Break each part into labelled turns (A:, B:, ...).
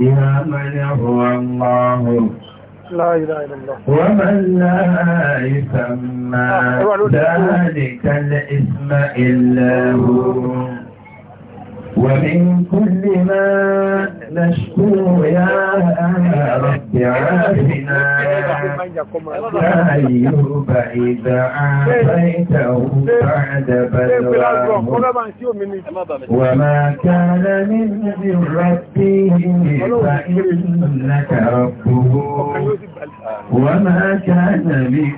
A: بها من هو الله
B: لا إله إلا الله
A: ومن لا يسمى آه، ذلك الاسم إلا هو ومن كل ما نشكو يا رب عافنا يا أيوب إذا عافيته بعد بلواه وما كان من ربه فإنك ربه وما كان من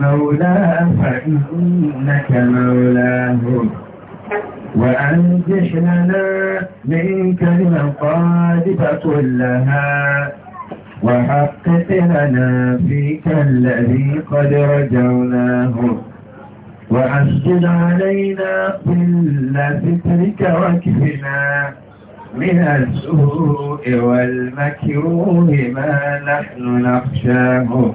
A: مولاه فإنك
B: مولاه
A: وأنجح لنا منك المقالب كلها وحقق لنا فيك الذي قد رجوناه وأسجد علينا كل فكرك وكفنا من السوء والمكروه ما نحن نخشاه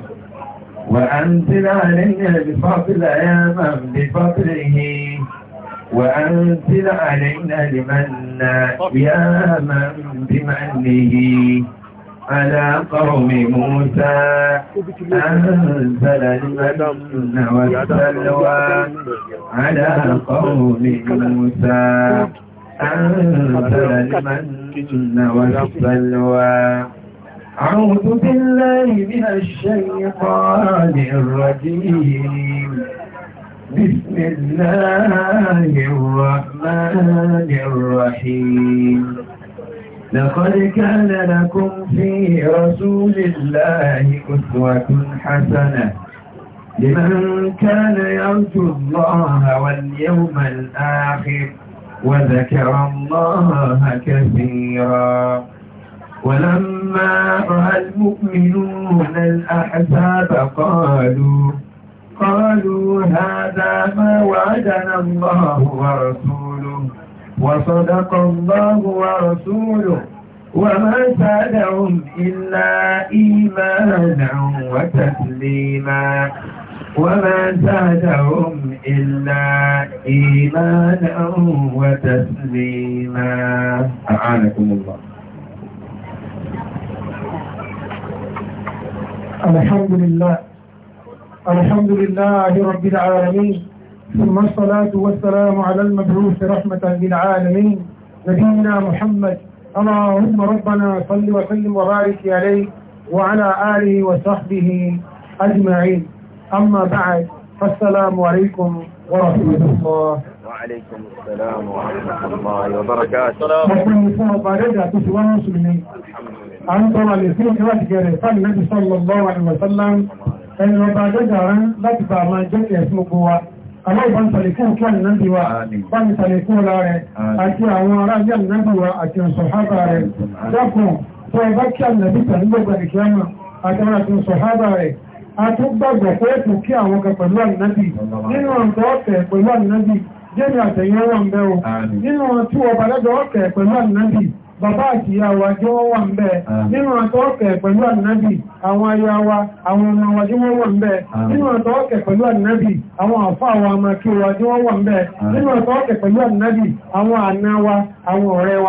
A: وأنزل علينا بفضل يا من بفضله وأنزل علينا لمنا يا من بمنه على قوم موسى أنزل المن والسلوى على قوم موسى أنزل المن والسلوى أعوذ بالله من الشيطان الرجيم بسم الله الرحمن الرحيم لقد كان لكم في رسول الله أسوة حسنة لمن كان يرجو الله واليوم الآخر وذكر الله كثيرا ولما رأى المؤمنون الأحزاب قالوا قالوا هذا ما وعدنا الله ورسوله وصدق الله ورسوله
B: وما زادهم
A: إلا إيمانا وتسليما وما زادهم إلا إيمانا وتسليما
B: أعانكم الله
A: الحمد لله الحمد لله رب العالمين ثم الصلاة والسلام على المبعوث رحمة للعالمين نبينا محمد اللهم ربنا صل وسلم وبارك عليه وعلى آله وصحبه أجمعين أما بعد فالسلام عليكم ورحمة الله وعليكم
B: السلام ورحمة الله وبركاته
A: وبركاته الحمد لله أنت والذين وجدوا النبي صلى الله عليه وسلم ẹni ọba àjọ́jà rán láti bá máa jẹ́ ẹ̀sùn gbogbo wa aláìbọn tàlẹ̀kún kí ànìyàn wa bá ní tàlẹ̀kún ọlá rẹ̀ àti àwọn ará ní ànìyàn wa àti ọ̀sọ̀hábà rẹ̀ dákùn tó ẹbá kí ànìyàn tàbí gbogbo ìkíyàmà àti àwọn àti ọ̀sọ̀hábà rẹ̀ a tó gbàgbọ́ pé ètò kí àwọn kan pẹ̀lú ànìyàn nínú ọ̀tọ̀ ọ̀tẹ̀ pẹ̀lú ànìyàn jẹ́mi àtẹ̀yẹ́wọ̀n bàbá àti ìyá wa jẹ́ wà ń bẹ nínú àtọ́ọ̀kẹ̀ pẹ̀lú àwọn wa àwọn ọmọ wa wọ́n wà ń nínú àtọ́ọ̀kẹ̀ pẹ̀lú àwọn wa kí wa wọ́n wà ń nínú àtọ́ọ̀kẹ̀ pẹ̀lú àwọn àna wa àwọn ọ̀rẹ́ wa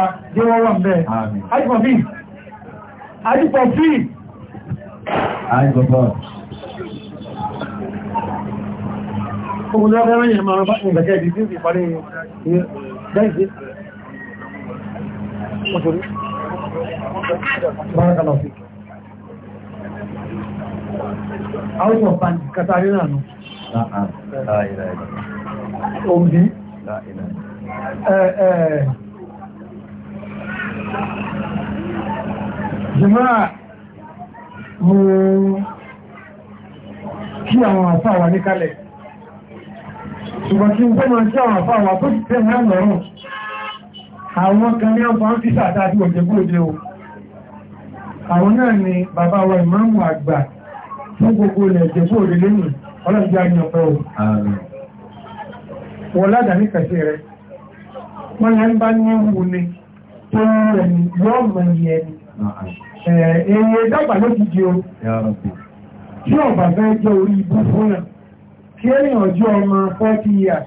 A: wọ́n wà ń Ogun yẹn máa bá ìgbẹ̀kẹ́ ìdí tí ó parí
B: òṣèré bárakàlá ọ̀fẹ́ out of
A: bank katari náà nù òmìdí jùmọ́ra mú kí àwọn àfáwà ní kalẹ̀ ṣùgbọ́n kí n tó máa kí àwọn àfáwà tó ti tẹ́ mẹ́rin lọ́rùn àwọn kan ní ọgbọ̀n tí sàtà tí òjè gbóòdé o àwọn náà ni bàbá wa ìmáàmù àgbà fún gbogbo ilẹ̀ òjè gbóòdé lẹ́yìn ọlọ́dún àyànfẹ́ o wọ́n ládà ní kẹsì rẹ̀ wọ́n yẹn bá ní wù ní tó ń rẹ̀ ní yọ́ mọ̀ yẹ ni èyí dàgbà ló ti di o tí ọ̀bà fẹ́ jẹ́ orí ibú fún yàn kí èèyàn jẹ́ ọmọ 40 years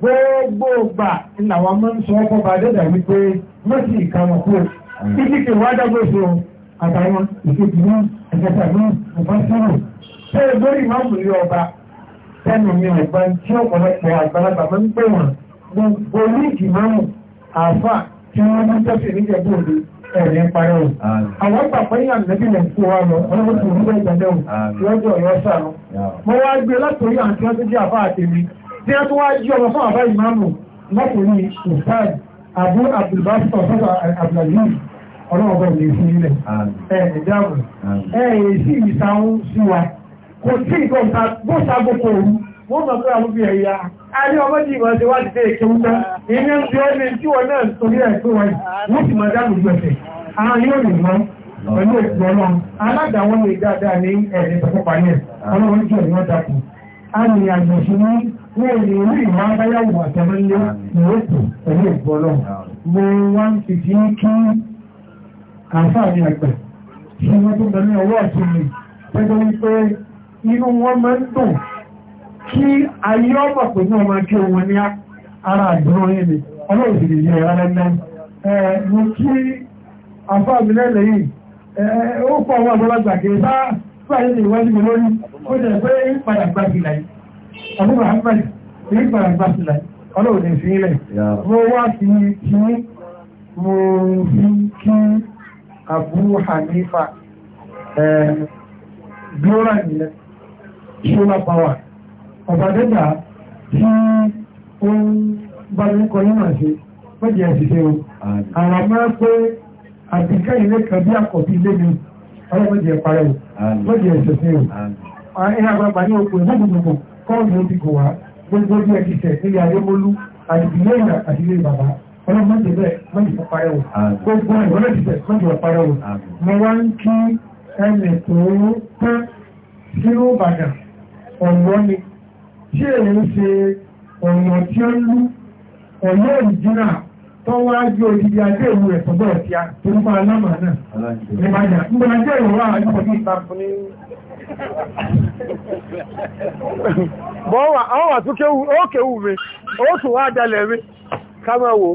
A: gbogbo ọgbà ìlàwà mọ́ sọ ọkọ̀ bá dẹ́dà wípé mọ́sí ìkàmọ̀kú ìdíkẹ̀ wá dágbóso àtàwọn ìṣèjìmọ́ ẹ̀kẹtàmọ́ ìfọ́sọ́rọ̀ tẹ́ lórí ìmọ̀mùlé ọba tẹ́nu mi ọ̀gbà tí ọ̀pọ̀lọpọ̀ àgbàlagbà máa ń pè wọ́n gbogbo ní ìmọ̀mù àfà tí wọ́n mú tẹ́sí níjẹ̀bú òde ẹ̀rìn parẹ́ o àwọn pàpọ̀ yìí àmì lẹ́bí lẹ̀ fún wa lọ ọlọ́wọ́ tó ń gbẹ́ ìgbàdẹ́ o lọ́jọ́ ọ̀yọ́ sàánú mo wá gbé látòrí àǹtí wọn tó jẹ́ àfà àtẹ̀mí tí a tó wá jí ọmọ fún àbá ìmáàmù lọ́kùnrin ustaz abu abdulbasir ọ̀sọ́sọ abdulhalim ọlọ́ọ̀bọ̀ ní ìfún ilẹ̀ ẹ̀ ìdáàbò ẹ̀ èsì ìsáhún sí wa kò tí nǹkan ta bó sago kò rú wọ́n mọ̀ pé àwọn bí ẹ̀yà a ní ọmọ ní ìwọ̀n ṣe wá ti dé èké wúta ìní ń bí ó ní tí wọn náà torí ẹ̀ tó wáyé wọ́n sì máa dáàbò gbẹ̀sẹ̀ àwọn yóò rìn mọ́ pẹ̀lú ètò ọlọ́run alága wọn lè dáadáa ní ẹ̀rẹ́ pẹ̀lú pàlẹ́ ọlọ́run jù ẹ̀yọ́ dàpọ̀ a ní àgbẹ̀ṣe ní wọ́n lè rí ìwà abáyáwò àtẹ́mẹ́lé ìwéètò pẹ̀lú ìbọ́lọ́ mo wá ń fi fi kí àǹfààní àgbà ṣe wọ́n tó bẹ̀rẹ̀ ọwọ́ àti mi pẹ́jọ́ wípé inú wọn máa ń dùn kí ayé ọmọ pé ní ọmọ kí wọn ní ara àdúrà yẹn ni ọlọ́run sì lè yẹ ẹ̀rọ lẹ́nu mo kí àǹfààní lẹ́lẹ̀ yìí ó pọ̀ ọmọ àgbàlagbà ṣàbí Muhammad ní gbàgbà sílẹ̀ ọlọ́run ní sílẹ̀ mo wá sí kí mo fi kí Abu Hanifa gbóra nílẹ̀ ṣọ́lá pàwà ọba dẹ́gbà tí ó ń bá ní kọ ní màá ṣe mẹ́jẹ̀ ẹ̀ṣiṣẹ́ o àwọn máa pé àbíká ilé kan bí àkọ́bí ilé mi ọlọ́mọdé ẹ̀parẹ́ o mẹ́jẹ̀ ẹ̀ṣiṣẹ́ o ẹ̀yà àgbàgbà ní okùn ìlú kọ́ọ̀lù ó ti kò wá gbogbo ojú ẹ̀kí tẹ̀ nílé ayémólú àdìgbìlẹ̀ ìrà àti ilé bàbá ọlọ́mọdé bẹ́ẹ̀ mọ́jì fún parẹ́wò gbogbo ìwọ́lẹ̀ ti tẹ̀ mọ́jì fún parẹ́wò mo wá ń kí ẹnì tó tán sínú Ìbàdàn ọ̀nà ni tí èyí ń ṣe ọ̀nà tí ó ń lú ọ̀nà ìjìnà tó wá ju odidi ajé ìlú rẹ̀ tó bọ̀ ọ̀tíà tó ń bá alámà náà ní ń bọ̀ ajé ìlú wa àjọ bọ́ ọwà tó kéwù mi ó tún wá dalẹ̀ mi kámẹ́wò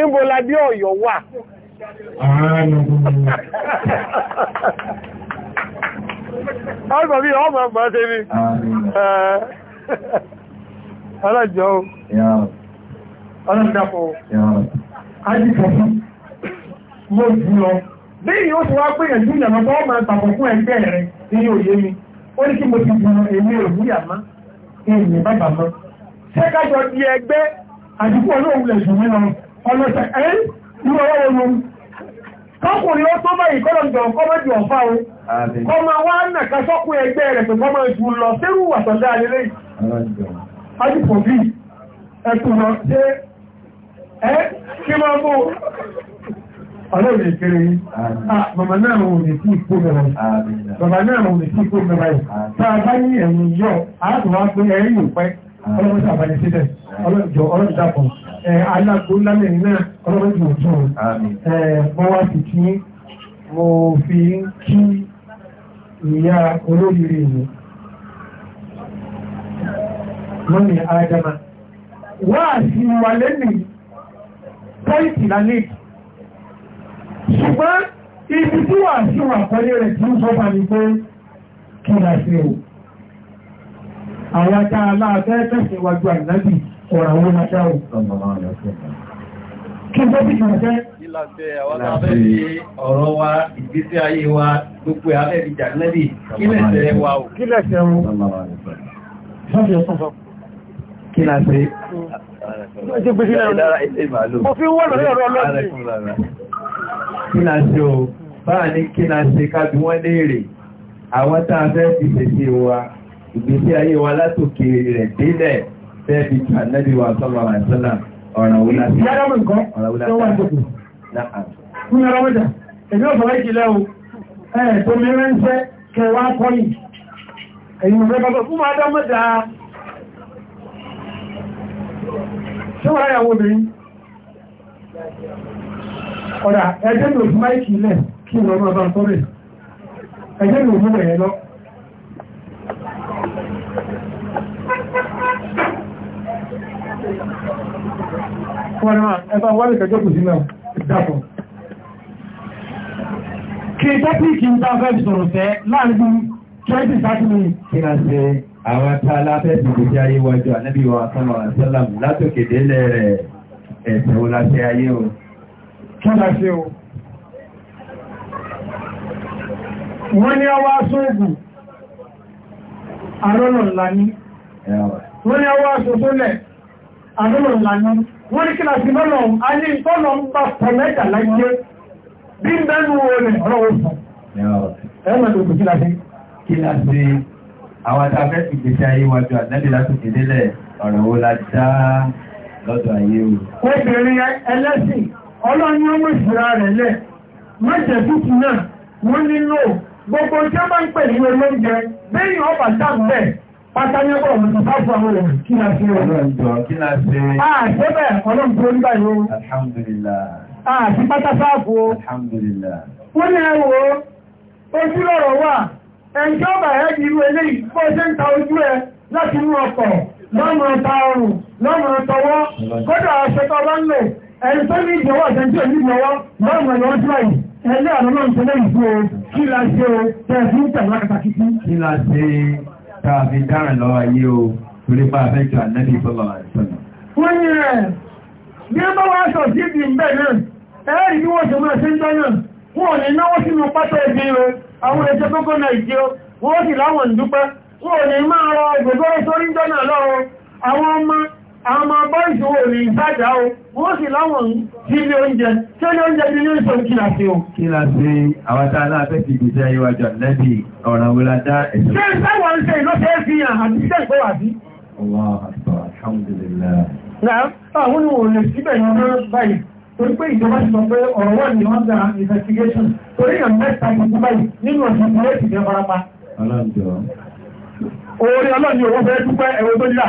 A: ìbòládé ọ̀yọ̀ wà bí ọmọ ọmọ ṣe ní ọlọ́jọ́ ajíkọ̀ọ́ bí wá pé ẹ̀jú ìyàmọ́ ọmọ ẹ̀tàkùn fún ẹgbẹ́ rẹ̀ tí yóò yé mi ó ní kí mo ti bu èmi ò ní àmá èmi bàbà mọ́ ṣé kájọ di ẹgbẹ́ àdúgbò olóhùn lè dùn mí lọ ọlọ́sẹ̀ ẹ́ ìwọ ọwọ́ wọn kọkùnrin ó tó báyìí kọ́lọ̀ jọ kọ́mọ́jì ọ̀fá o kọmọ wá nà ká sọ́kùn ẹgbẹ́ rẹ̀ pé kọmọ ìjù lọ sẹ́rù àtọ̀dá alẹ́lẹ́ yìí ẹkùn lọ ṣe ẹ́ kí máa mú Ọlọ́run ìkéré yìí, bàbá ah, náà ò ní kí ikú mẹ́rẹ̀. Bàbá náà ò ní kí ikú mẹ́rẹ̀. Tá a bá ní ẹ̀yìn yọ, a tó wá pé ẹ̀yìn yóò pẹ́. Ọlọ́run tí a bá ní sílẹ̀, ọlọ́jọ ọlọ́run dàpọ̀. Alágbó lálẹ́ náà, ọlọ́run jù ú tún. Mo wá sì kí mo fi kí ìyá olóyèrè mi. Lọ́nà Ádámà, wá sí wa lẹ́nu pọ́ìntì lálẹ́ yìí ṣùgbọ́n ibi tí wà sí wà pẹ̀lú rẹ̀ tí ń sọ́bà ní pé kí la ṣe o àwọn ajá aláàfẹ́ tẹ̀sẹ̀ wájú àìlábì ọ̀rọ̀ àwọn ajá o kí n tẹ́bí kan jẹ́ Ìlàṣẹ́ àwọn tàbí ọ̀rọ̀ wa, Mo fi wọ́n lórí ọ̀rọ̀ kí la ṣe o báà ní kí la ṣe ká bí wọ́n léèrè àwọn tá a fẹ́ fi ṣèṣe wa ìgbésí ayé wa látòkè rẹ̀ délẹ̀ fẹ́ fi kà nẹ́bí wa sọ́mọ àìsọ́nà ọ̀ràn wò láti. ìyá ọ̀dà ẹjẹ́ ló fún máìkì ilẹ̀ kí lọ máa bá ń tọ́rẹ̀ ẹjẹ́ ló mú ẹ̀yẹ lọ wọ́n náà ẹbá wọ́lẹ̀ kẹjọ́ kù sí náà ìdápọ̀ kí tẹ́pìkì ń bá fẹ́ sọ̀rọ̀ tẹ́ láàrin 20 30 minutes kí náà ṣe àwọn tààlà fẹ́ dìbò tí ayé wájú ànábì wa sọ́nà àṣẹ́làmù látòkèdélẹ̀ rẹ̀ ẹ̀sẹ̀ wọlá ṣe ayé o tọ́lá ṣe o wọ́n ní ọwá sóògùn arọ́lọ̀lá ní wọ́n ní ọwá sọ́sọ́lẹ̀ arọ́lọ̀lá ní wọ́n ní kí láti mọ́lọ̀ a ní ìtọ́lọ̀ ń bá pọ̀lẹ́dà láyé bí ń bẹ́nu olè ọ̀rọ̀ òsàn ẹ̀mọ̀lẹ̀ òkú kí láti kí láti àwọn àtàfẹ́ ìgbésí ayé wájú àdẹ́bì látòkè délẹ̀ ọ̀rọ̀ wo la dá lọ́dọ̀ ayé o. obìnrin ẹlẹ́sìn ọlọ́run ni ó mú ìṣúra rẹ̀ lẹ̀ mẹ́jẹ̀ tútù náà wọ́n nílò gbogbo tí ó bá ń pè ní olóúnjẹ bẹ́ẹ̀ni ọba dábẹ́ pátání ọmọ tó bá àwọn èèyàn kí la ṣe ọ̀rọ̀ kí la ṣe àṣẹ bẹ́ẹ̀ ọlọ́run tó ń alhamdulillah àti pátásáàfù o alhamdulillah wọ́n ní ẹwọ́ ojú lọ́rọ̀ wà ẹjọ́ ọba ẹ̀ di irú eléyìí bó ṣe ń ta kódà aṣọ bá ń lò ẹ̀sọ́ ní ìjọwọ́ àtẹ́jú ẹ̀mí ìjọwọ́ báwọn ẹ̀lọ́ ọjọ́ àyè ẹ̀lẹ́ àwọn náà ń sọ lẹ́yìn fún o kí la ṣe o tẹ̀sí ń tẹ̀lá kàtàkì sí. kí la ṣe tààfi dáràn lọ ayé o torí bá fẹ́ jọ ànábì sọ́lọ̀ àìsọ̀nà. wọ́n yẹ ẹ̀ bí ẹ wá sọ sí ibi ìbẹ̀ àwọn ọmọ ìṣòwò ní ìtajà o wọ́n sì láwọn tí ilé oúnjẹ tí ilé oúnjẹ bí ní ìṣòwò kí là sí o. kí là sí àwátá aláàfẹ́ ti gbèsè ayéwájọ lẹ́bí ọ̀ràn wọlá dá ẹ̀sùn. ṣé ìṣẹ́wọ̀ ń ṣe ìlọ́fẹ́ fi hàn àti iṣẹ́ ìgbọ́wà sí. Allahu akbar, alhamdulillah. Náà, àwọn olùwò lè síbẹ̀ ní ọmọ báyìí torí pé ìjọba ti sọ pé ọ̀rọ̀ wà ní under investigation torí ìyàn mẹ́ta ìgbìmọ̀ báyìí nínú ọ̀sán ìwé ìgbìmọ̀ farapa.
B: Ọlọ́run jọ.
A: Oore ọlọ́run ni dúpẹ́ ẹ̀wọ̀n tó nílà.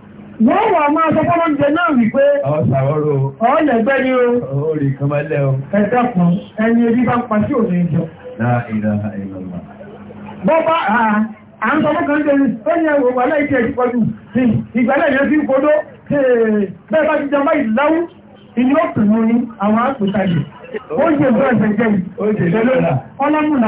A: Wọ́n wà máa náà rí pé ọ̀sàwọ́rò ọ̀lẹ̀gbẹ́ ni o rí kan bá lẹ́ o. Ẹ̀dàkùn ẹni ebi bá ń pa sí òní ìjọ. à ń kan jẹ́ ẹni ẹwọ̀ wà láìpẹ́ ìpọ̀jù ìgbàlẹ̀ yẹn fi kodó bẹ́ẹ̀ bá ti jẹ bá ìláwú ìlú ọ̀pẹ̀lú ní àwọn àpòtàjì. Ó jẹ́ bẹ́ẹ̀ bẹ́ẹ̀ jẹ́ ọlọ́mùnà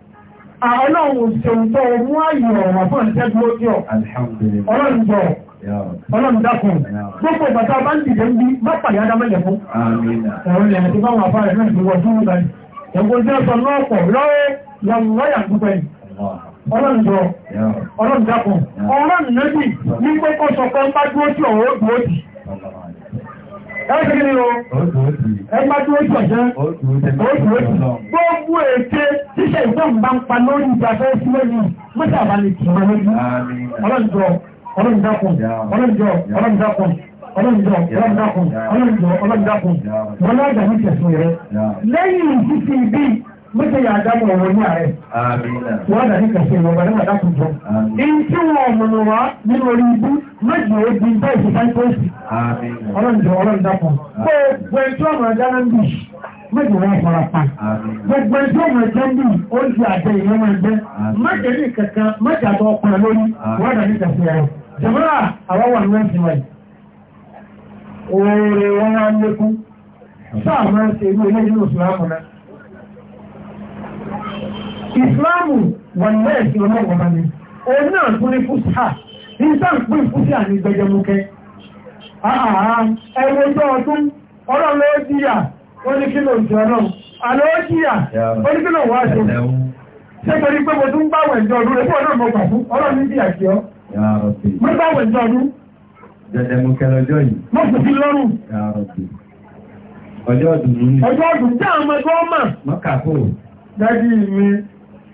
A: Ọlọ́run òṣèlú tó mú ààyè ọ̀rọ̀ fún ìṣẹ́gun ọ̀. Ọlọ́run jọ Ọlọ́run dákun. Gbogbo bàtà bá ń dìde ń bí bá pàdé Adámẹ́lẹ̀ fún. Ọlọ́run jọ Ọlọ́run dákun. Ọlọ́run nẹ́bì Ẹgbẹ̀rẹ̀
B: gbogbo
A: èké tíṣẹ́ ìgbọ́n bá ń pa lórí ìjàfẹ́ sílẹ̀ yìí, mọ́sí àbálẹ̀ kì í wọlé yìí. Ọlọ́njọ́, ọlọ́njọ́kùn, ọlọ́njọ́, ọlọ́njọ́kùn, ọlọ́njọ́, ọlọ́njọ́kùn, ọlọ́njọ́, ọlọ́njọ́kùn, ọlọ́njọ́ Mọ́ṣe yà dámọ̀ ọmọ ní ààrẹ. Wọ́n ní kàṣẹ ìwọ̀nba ní wàdá kùjọ. Èyí tí wọ́n mọ̀nà wá nínú orí ibú méjì ó di bá ìṣẹ̀fà ìpòsì. Ọlọ́njọ́ ọlọ́ndàpọ̀. gbogbo ẹni tí wọ́n ń bì méjì wọ́n fara pa. Gbogbo ẹni tí wọ́n ọkùnrin lórí wọ́n ní kàṣẹ ìyẹn. Jàmọ́ra àwọn wà ní ẹ̀sìn wáyé. Oore wọn á lékún. Sáà máa ń ṣe ilé nínú ìsìlámù náà ìsìláàmù wọ̀nyẹ́ ẹ̀sìn ọlọ́wọ́ bá ní òun náà tún ní fúsà ìsàn pé fúsà ní gbẹjẹmúkẹ́ ẹwọ́jọ́ ọdún ọlọ́run ó jíyà ó ní kílò ìjọ ọlọ́run àlọ́ ó jíyà ó ní kílò wá ṣe ṣe torí pé mo tún báwẹ̀ ìjọ ọdún rẹ̀ fún ọlọ́run mo gbà fún ọlọ́run ní jíyà kí ọ mo báwẹ̀ ìjọ ọdún jẹjẹmúkẹ́ lọ́jọ́ yìí mo kò fi lọ́rùn ọjọ́ ọdún ní ọjọ́ ọdún tí àwọn ọmọ ẹgbẹ́ ọmọ mọ́kà kò dájú mi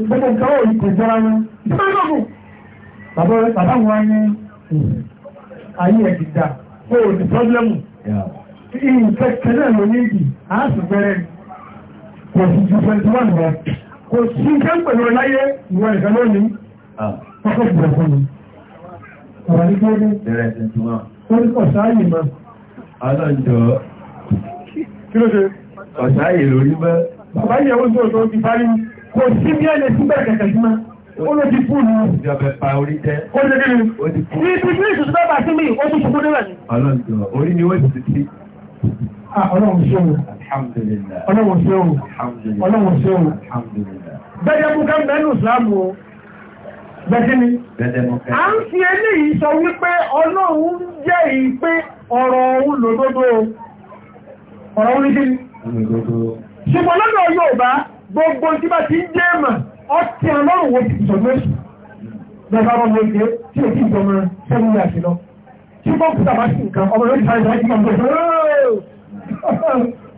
A: gbogbo nǹkan ò kò jọra wọn ìjọba náà mú. bàbá bàbá wọn ní hmm, ayé ẹ̀ dìda ó ní pọ́blẹ́mù nǹkan kan náà ló ní ìdì á sì bẹ̀rẹ̀ kò sì ju twenty one lọ kò sí nǹkan pẹ̀lú ọláyé ìwọ nìkan lónìí ọkọ̀ ah. ìbùrọ̀ fún mi. ọ̀rọ̀ ní kéde bẹ̀rẹ̀ twenty one. ó ní mọ́. ọlọ́njọ́ kí ló dé? ọ̀sán lórí mọ́. bàbá yẹ̀ wọ́n tó ti parí kò sí bí ẹlẹ́ sí bẹ̀rẹ̀ kẹ̀kẹ́ jùmọ́ ó ló ti kú ní ìjọba pa orí jẹ́ ó lè nínú ní ibi tí ìṣòṣù bá bà sí mi ó ti ṣubú nílẹ̀ ni. ọlọ́run orí ni ó ti ti. Ah, ọlọ́run ṣeun ọlọ́run ṣeun ọlọ́run ṣeun bẹ́ẹ̀ a ń fi eléyìí sọ wípé ọlọ́run jẹ́ ìpé ọ̀rọ̀ òun lòdodo ọ̀rọ̀ òun ní ṣùgbọ́n lọ́dọ̀ yóò bá gbogbo tí bá ti ń jẹ́ ẹ̀mà ọtí ọlọ́run wo ti sọ mẹ́sù lẹ́gbàá ọmọ ìgbé tí o ti jọmọ sẹ́yìn yà sí lọ tí wọ́n kúta bá sì nǹkan ọmọ yóò sáré láti máa bọ̀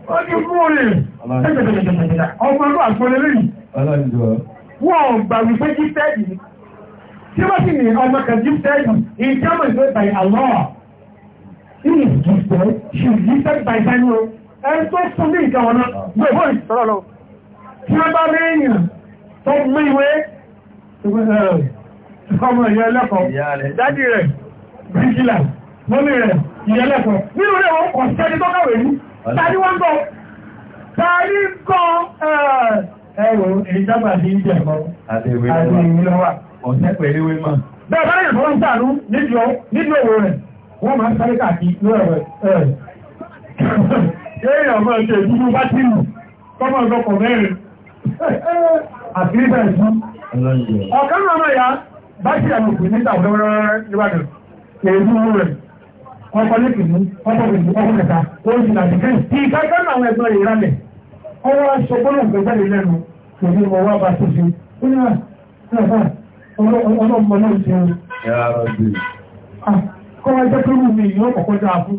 A: ó ní fún olè ọmọ ọlọ́ àgbọ̀lẹ̀ lẹ́yìn wọ́n gbà wípé gíftẹ́ẹ̀dì ni tí wọ́n sì ní ọmọ kan gíftẹ́ẹ̀dì in german is made by Allah he is gifted she is gifted by Daniel ẹni tó fún ní nǹkan wọn náà yóò wọ́n lọ tí wọ́n bá rèèyàn tó mú ìwé ọmọ ìyá ẹlẹ́kọ̀ọ́ dádì rẹ̀ bíríkìlà mọ́mí rẹ̀ ìyá ẹlẹ́kọ̀ọ́ nínú rẹ̀ wọ́n kọ̀ sẹ́ni tó kàwé ní tàbí wọ́n gbọ́ tàbí kọ́ ẹ̀rọ ìjábà ní ìjẹ̀ mọ́ àti ìwé lọ́wà ọ̀sẹ̀ pẹ̀lú ìwé mọ́ bẹ́ẹ̀ bá yẹn tó ń sàánú nídìí owó rẹ̀ wọ́n máa ń sáré káàkiri lọ́rọ̀ rẹ̀ ẹ̀rọ ọmọ ìṣèjú bá tìlù tọ́mọ̀ ọ̀dọ́kọ̀ mẹ́rin àtìrífẹ́ ìsún ọ̀kan ọmọ ìyá bá sí àlòkù ní ìtàwọn ọ̀rẹ́rẹ́ níwájú èébú rẹ̀ ọkọ̀ lẹ́kìnní ọkọ̀ kìnní ọkọ̀ kẹta oṣù láti kẹ́ tí ìkájọ́ àwọn ẹgbẹ́ rẹ̀ rálẹ̀ ọwọ́ aṣọ gbọ́dọ̀ gbẹ́jáde lẹ́nu pẹ̀lú ọwọ́ bá tó ṣe ọlọ́mọ náà ṣe kọ́wọ́ jẹ́ pé wù mí ìyọ́ kọ̀kọ́ dáa fún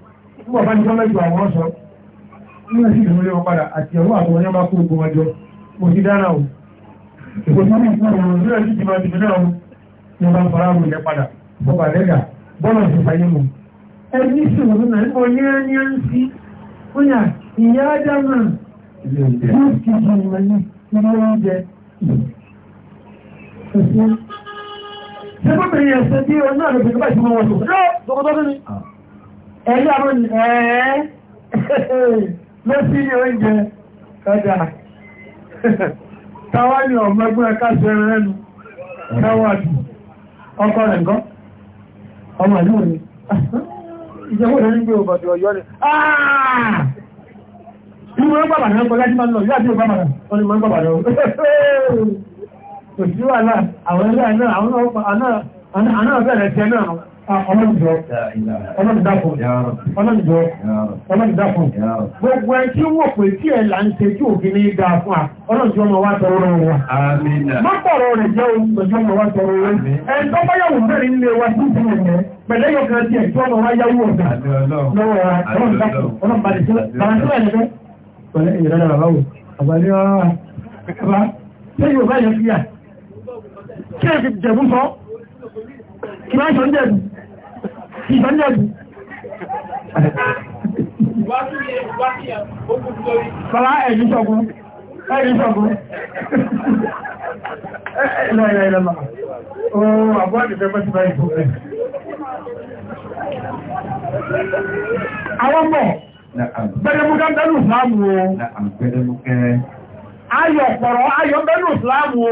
A: fún bàbá ní sọ́mẹ́jọ àwọn ọ̀ṣọ́ nígbà sí ìlú ilé wọn padà àti ẹ̀wọ́ àtọwọ́ ní ọba kó ogun ọjọ́ mo ti dára o èkó sọ́mọ́ ìfún ọ̀rọ̀ nígbà sí ti máa ti dára o ní ọba ń fara àwọn ilẹ̀ padà bọ́bà lẹ́gà bọ́lọ̀ sì fàyè mu. ẹni sọ̀rọ̀ náà ó ní ẹni ń sí ó yà ìyá ádámà yóò kí ju ṣé gómìnà ẹ̀sẹ̀ ẹ̀yà mọ́ ní ẹ̀ẹ́ ló sí ní oúnjẹ ọjà táwa rẹ̀ ọmọ nígbé ọbọ̀dì ọ̀yọ́ rẹ̀ Ìwé ah! ń bàbà máa ń lọ, ìbámà sí wà náà, àwọn Ọlọ́dìdọ́, ọlọ́dìdáfún, ọlọ́dìdọ́, ọlọ́dìdáfún. Gbogbo ẹ tí ó wò pé tí ẹ là ń ṣe tí òfin ní dáa fún à, ọlọ́dìdọ́ ọmọ wá tọrọ rẹ̀ wà. Mọ́pọ̀rọ̀ rẹ̀ jẹ́ òṣèjú ọmọ wá tọrọ rẹ̀. Ẹn tó bá yàwó mẹ́rin nílé wa sí ìpínlẹ̀ mẹ́, pẹ̀lẹ́ yọkan tí ẹ̀ tí ọmọ wá yáwó ọ̀gá lọ́wọ́ wa, ọlọ́dìdáfún, ọlọ́dìdáfún, ọlọ́dìdáfún, ọlọ́dìdáfún, ìgbẹ́lẹ́bù Fọlá ẹ̀yí ṣọ̀gún, ẹ̀yí ṣọ̀gún. Ẹ̀lọ ìlẹ̀ ìlẹ̀ máa. Oòrùn àbúwà ìfẹ́ mẹ́sí báyìí fún ẹ̀. Àwọn mọ̀, gbẹ̀rẹ̀mùkẹ́ bẹ̀rù ìsìláàmù o. Ayọ̀ pọ̀rọ̀ ayọ̀ bẹ̀rù ìsìláàmù o.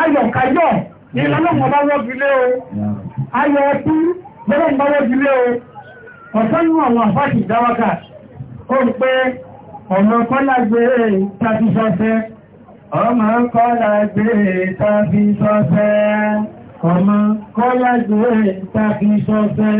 A: Ayọ̀ kayọ̀ ní ìlànà bọ́lá ń báwọ́ jílé o ọ̀sánú àwọn àfáàkì ìdáwákà ó ń pé ọmọ kọ́lá gbé tàbí sọ́sẹ́ ọmọ kọ́lá gbé tàbí sọ́sẹ́ ọmọ kọ́lá gbé tàbí sọ́sẹ́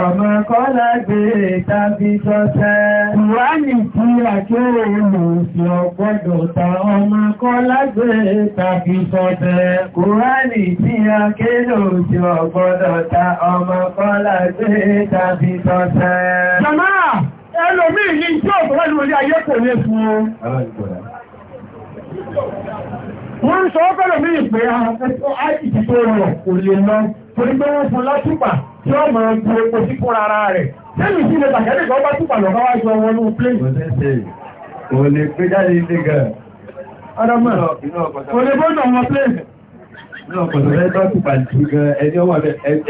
A: Ọmọ kọ́lá gbé tàbí sọ́sẹ́. Ìwádìí tí àkéré mọ̀ sí ọgbọ́dọ̀ ta ọmọ kọ́lá gbé tàbí sọ́sẹ́. Ìwádìí tí àkéré mọ̀ sí ọgbọ́dọ̀ ta ọmọ kọ́lá gbé tàbí sọ́sẹ́. Jọmá, ẹlòmí ní ìjọ́ ọ̀pọ̀lẹ́lú orí ayé kò ní fún ọ. Wọ́n ń sọ ọ́pẹ́lòmí ìpé tí ó máa ju epo sí fún ara rẹ̀ sẹ́yìn sí ilé tàkẹ́lẹ̀ kan bá túbà lọ́wọ́ wá jọ wọn ní plé. kò lè gbé jáde ilé gan. ọ̀dọ́mọ̀ kò lè bó nà wọn plé. Ní ọ̀pọ̀lọpọ̀ ẹgbẹ́ tó bá jù gan ẹni ọwọ́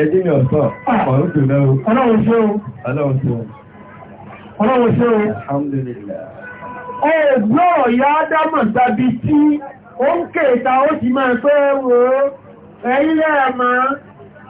A: ẹdí mi ọ̀sọ́, ọ̀rún tó náà. Ọlọ́run ṣe o. Ọlọ́run ṣe o. Ọlọ́run ṣe o. Alhamdulillah. Ẹgbọ́ ọ̀yá Ádámọ̀ tàbí tí ó ń kèta ó ti máa pẹ́ wo ẹ̀yìn lẹ́ẹ̀mọ́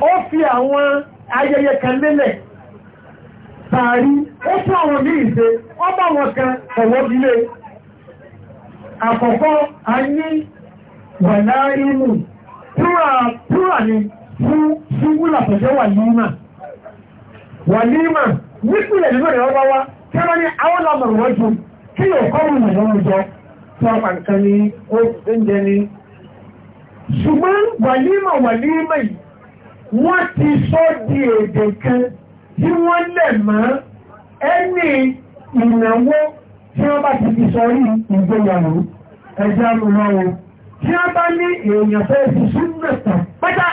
A: ó fi àwọn ayẹyẹ kan lélẹ̀ tààrí ó fún àwọn míì ṣe wọ́n bá wọn kan ọ̀wọ́ ilé àkọ́kọ́ a ní wàlá inú púrà ni fún ṣúgbùlà pẹ̀lú wà níma wà níma nípìnlẹ̀ nínú rẹ̀ wọ́n wá tí wọ́n ní àwọn ọmọ kí yóò jọ ní ṣùgbọ́n wà wọ́n ti sọ di èdè kan tí wọ́n lẹ̀ mọ́ ẹni ìnáwó tí wọ́n bá ti fi sọrí ìgbéyàwó ẹja múra o tí wọ́n bá ní èèyàn fẹ́ fi súnmọ̀ tán pátá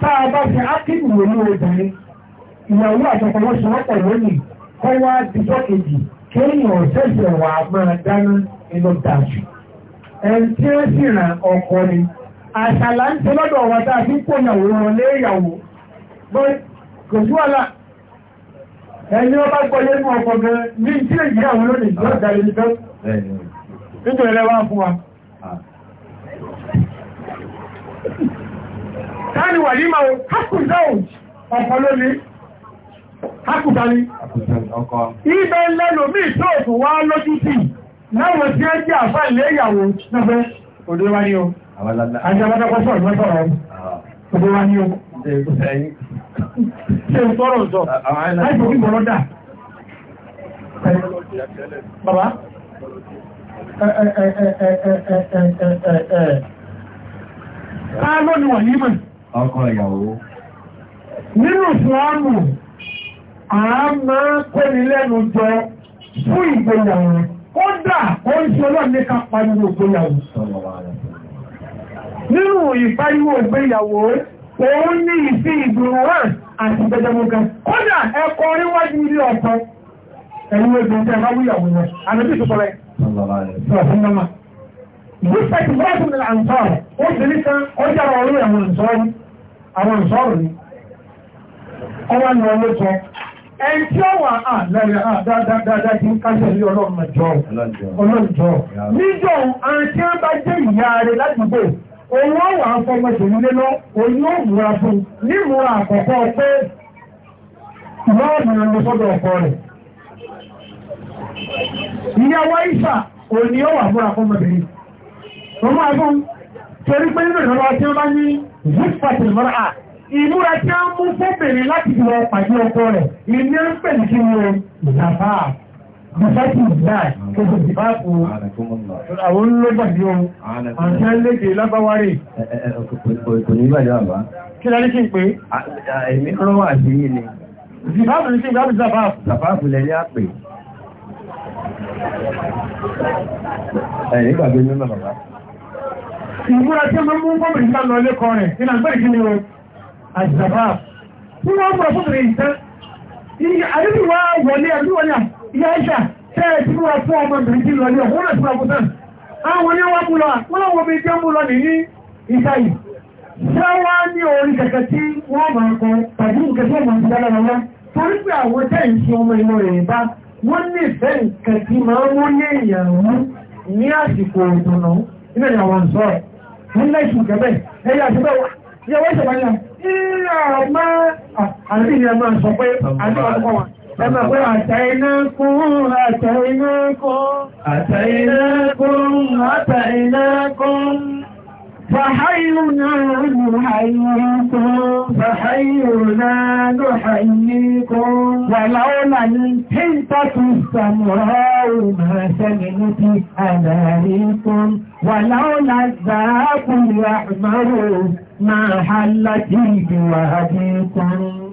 A: tá a bá fi ákìlì wòlú obìnrin ìyàwó àtọkọ wọn sọ ọ̀pọ̀ lónìí kọ́ wá dijọ́ kejì kéèyàn ṣẹ̀ṣẹ̀ wà máa dáná inú dájú ẹni tí ó sì ràn ọkọ ni. asala ń ṣe lọ́dọ̀ wa tá a fi wọn lé ìyàwó kò sí ẹni ọba mú ọkọ̀ ní tí èyí àwọn olóòdì yóò nítorí ẹlẹ́wà fún wa wà ní máa hákùdáòjì ọkọ̀ lóní hákùdáni ibẹ̀ lẹ́nu mí tó wá lójú àti àwọn akẹ́kọ̀ọ́ sọ̀rọ̀ mẹ́sọ̀rọ̀ gbogbo wa ní o ṣe
B: ń
A: sọ̀rọ̀ sọ láì fòkí bọ̀rọ̀ dà bàbá ta ló ni wọ̀nyí mọ̀ ọkọ ìyàwó nínú ìsìlámù àmà kọ́nilẹ́nu jọ fún ìgbéyàwó kódà ó ń ṣe ọlọ́ọ̀nìkà pariwo ìgbéyàwó sọ̀rọ̀ wa rẹ̀ nínú ìpariwo ìgbéyàwó òun ní ìsí ìdùnnú hàn àti gbẹdẹmọkẹ kódà ẹkọ oríwájú ilé ọ̀tọ̀ ẹ̀yìn obìnrin tẹ́ ẹ bá wúyàwó yẹn àdébí ìsopọ̀ rẹ̀ sọ̀rọ̀ mọ́mà nípa ìfúráṣù ní àǹsọ́rọ̀ ó ti ní kan ó jẹ́ àwọn orí àwọn ìsọ́rọ̀ àwọn ìsọ́rọ̀ ni ọwọ́ ni wọ́n ló sọ ẹni tí ó wà á lẹ́rẹ̀ á dáadáa kí n kájọ ní ọlọ́run jọ ọlọ́run jọ níjọ àti ẹbá jẹ́ ìyá rẹ̀ ládùúgbò owó àwọn afọmọsòwò lélọ́ oyún òmùra fún nímúra àkọ́kọ́ pé lọ́ọ̀dù lọ sọ́dọ̀ ọkọ rẹ̀ ìyàwó ìṣà òní ó wà fún afọmọbìnrin wọ́n máa fún torí pé nínú ìrọ̀lọ́ tí wọ́n bá ní zipati mọ́ra ìmúra tí wọ́n mú fóbìnrin láti lọ pàdé ọkọ rẹ̀ ìní ń pè ní kí wọ́n ìjàmbá a bàtàkì náà kẹsẹ̀ ìbáàkù àwọn olóbàdí ohun àti alédè lábáwárí kò ní ìbàjá àbá kí lárí kí n pé ẹ̀mí rọ́wà sí yìí ni zibáàkù ní sí ìbáàkù zàbáàkù zàbáàkù lẹ ní àpè ẹ̀rí gbàgbé mímọ̀ bàbá ìmúra tí mọ́ mú gómìnà ìta lọ lẹ́kọ́ rẹ̀ nínú àgbẹ̀rẹ̀ kí ni o àzàbáàkù tí wọ́n mọ̀ fún yẹ́ṣà tẹ́ẹ̀ tí wọ́n fún ọmọbìnrin tí lọ ní ọ̀hún rẹ̀ fún ọkùnrin àwọn oníwọ́n mú lọ wọ́n mi jẹ́ mú lọ ní ní ìsáyì sáwá ní orí kẹ̀kẹ́ tí wọ́n máa kọ tàbí nǹkan tí wọ́n máa ń dá lára wọn torí pé àwọn tẹ́ ń ṣe ọmọ ìmọ̀ rẹ̀ bá wọ́n ní ìfẹ́ nǹkan tí máa mú ní ìyàwó ní àsìkò ìdùnnà nínú ìyàwó ń sọ ẹ̀ wọ́n ní ìṣù kẹ́bẹ̀ ẹ̀yà àti pé àti ọ̀pọ̀ wọn ẹmọ pé àtàínákún àtàínákún àtàínákún àtàínákún فحينا نحييكم فحينا نحييكم ولولا الحنطة السمراء ما سمعت أناريكم ولولا الذهب الأحمر ما حلت بواديكم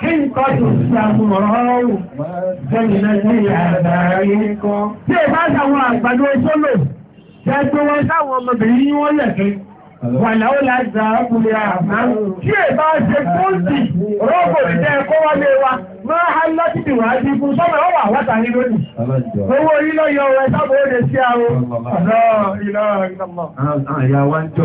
A: Kíntọ́jú ṣàmùrọ́rù jẹ́mìnà ní àdáyé kọ́. Tí è bá ṣàwọn àgbàdo sólò, jẹ́ tó wọ́n sáwọn ọmọbìnrin ní wọ́n lẹ̀kẹ́. Wà láó láti àákùnrin àmá. Tí è bá ṣe kóòtì, rọ́bò ìdẹ́ ẹ̀kọ́ wá lé wa, máa há lọ́tí ti wà á ti kú sọ́mọ̀ ó wà wátà ní lónìí. Owó orí lọ yọ ọ̀rẹ́ sábò ó lè sí àwọn. Ọ̀rọ̀ ìlọ́ ìgbàmọ̀. Àyà wá ń jọ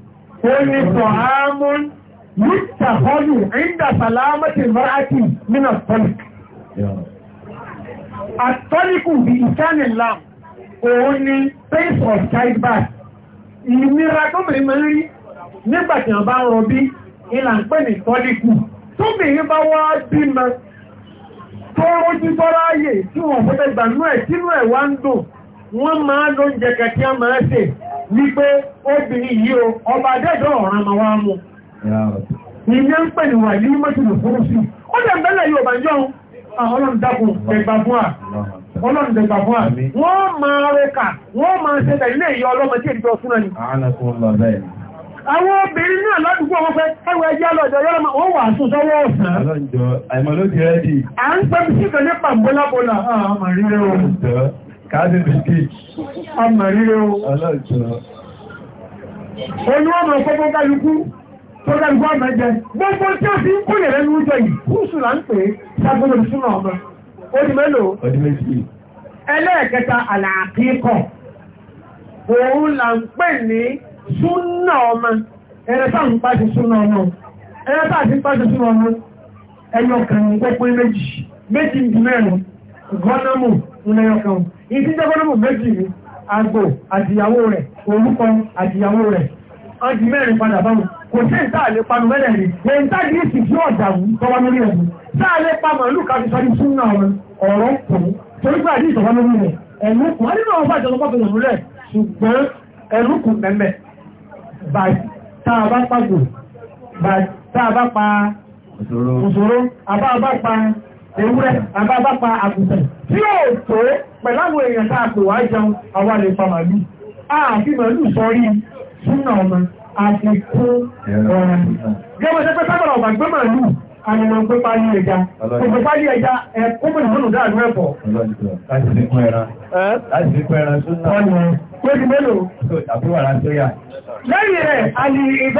A: ó ní tọ̀hámún yíkàkọ́lù ìdá sàlámàtì mọ́ráàtì nínà tọ́lìk àtọ́lìkù bí ìsánìlá òun ni pace of childbirth ìnira tó bèèrè mọ́ rí nígbàtí wọ́n bá ń rọbí ìlà ń pè ní tọ́lìkù tó bèèrè bá wá bímọ tó rójú tọ́rọ ayè tí wọ́n fọ́tẹ̀ gbà nú ẹ̀ sínú ẹ̀ wá ń dùn wọ́n máa lóúnjẹ kẹ̀kẹ́ máa wípé obìnrin yìí o ọba dẹ́jọ́ ọ̀ràn ma wá mú ilé ń pè níwà ìlú mẹ́tìlù fúrúsì ó dẹ̀ bẹ́lẹ̀ yóò ah, ọlọ́run dákun fún à ọlọ́run fún à wọ́n máa wọ́n máa ṣe ilé ìyá ọlọ́mọ tí èdè náà ni àwọn obìnrin náà ládùúgbò wọn fẹ́ ẹwà ẹjẹ́ alọ́jọ́ yọ́lọ́mọ wà sún sọ́wọ́ ọ̀sán ti rẹ́dì à ń pẹ́ sí káàdì dìkì ọmọ ríro olúwọ́mọ̀ gbogbo kálukú tó kálukú ọmọ jẹ gbogbo tí ó fi ń kó yẹ̀rẹ́ ní oúnjẹ yìí kúùsù là ń pè é sábúrò súnà ọmọ ó di mélòó ẹlẹ́ẹ̀kẹta àlàákíkọ̀ òun là ń pè ní súnà ọmọ ẹ̀rẹ́ sáà ń pàṣẹ súnà ọmọ ẹ̀rẹ́ sáà ti ń pàṣẹ súnà ọmọ ẹ̀yọkàn gbogbo méjì méjì ń di mẹ́rin gọ́nàmù ńlẹ́yọ̀kan ìsí jẹ́gbọ́nàmù méjì ni àgbò àdìyàwó rẹ̀ orúkọ àdìyàwó rẹ̀ ọdí mẹ́rin padà báwọn kò sí ìta àlè panu mẹ́rẹ̀ ni èyí tá ní ìsì tí ọ̀dà wù tọ́wọ́ lórí ẹ̀mí tá àlè pa màálù káfí sọ́ni súnà ọ̀rọ̀ kù torí pé àdí ìtọ́wọ́ lórí rẹ̀ ẹ̀mú kù wọ́n nínú àwọn bá ìjọba pẹ̀lú rẹ̀ ṣùgbọ́n ẹ̀rú kù mẹ́mẹ́ tá a bá pàgò tá a bá pa òṣòro àbá a bá pa ewúrẹ́ àbábápa àgùntàn tí ó tó pẹ̀láwò èèyàn tá a pè wá jẹun àwa lè pa màálù ààfin màálù sọrí súnà ọmọ àti kún ọ̀rọ̀ gẹ́gbẹ́ sẹ́pẹ́ sábàrà ọ̀bà gbé màálù àyẹ̀mọ̀ pé parí ẹja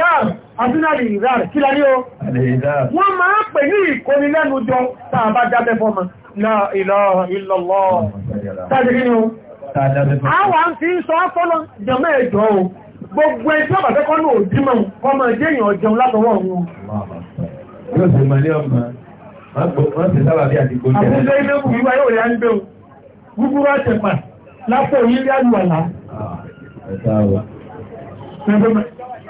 A: ẹja ọ̀nà àdúnàlì ìrárẹ̀ kí lárí o wọ́n máa pè ní ìkóni lẹ́nu jọ tàbá jábẹ́ fọ́mà náà ìlọ́rọ̀ ìlọ́lọ́ tàbí kí ni o àwọn ń fi ń sọ fọ́lọ́ jẹmọ́ ẹ̀jọ́ o gbogbo ẹjọ́ bàtẹ́kọ́ ní òdímọ̀ ọmọ ẹjẹ́ èèyàn jẹun látọwọ́ òun yóò sì mọ̀ ní ọmọ wọ́n sì sábà bí àti gbogbo ẹ̀rẹ́ àbúlé ilé ìwúwá yóò rí àńgbé o gúgúrú àtẹ̀pà lápò yín rí àlùwàlá ah,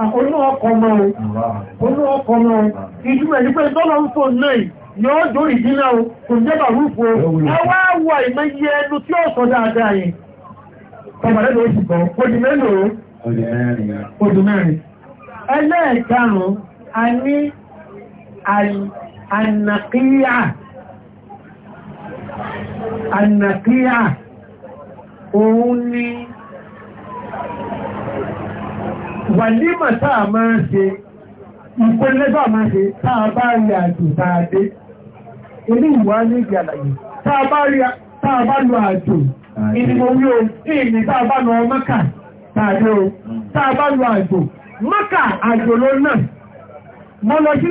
A: Ah, olú ọkọ̀ ọmọ rẹ̀, olú ọkọ̀ ọmọ rẹ̀, ìdúmẹ̀ ní pé tọ́lọ ń fò náà yóò jò ìdínà o, kò jẹ́bà rúfò, ẹwà wà ìmẹ́ yẹ ẹnu tí ó sọ dáadáa yìí. Tọ́bàrẹ́ ló sì gbọ́, ó di mélòó? Ó mẹ́rin. ẹlẹ́ẹ̀karùn a ní ànàkíyà. Ànàkíyà, òun ni wàlímà táà máa ṣe ìpínlẹ́gbà máa ṣe táà bá rí àjò tààdé ilé ìwà ní ìgbì àlàyé táà bá lọ àjò ìdìmòwí o ìní táà bá lọ mọ́kà tààdé o hmm. táà bá lọ àjò mọ́kà àjò ló náà mọ́ lọ sí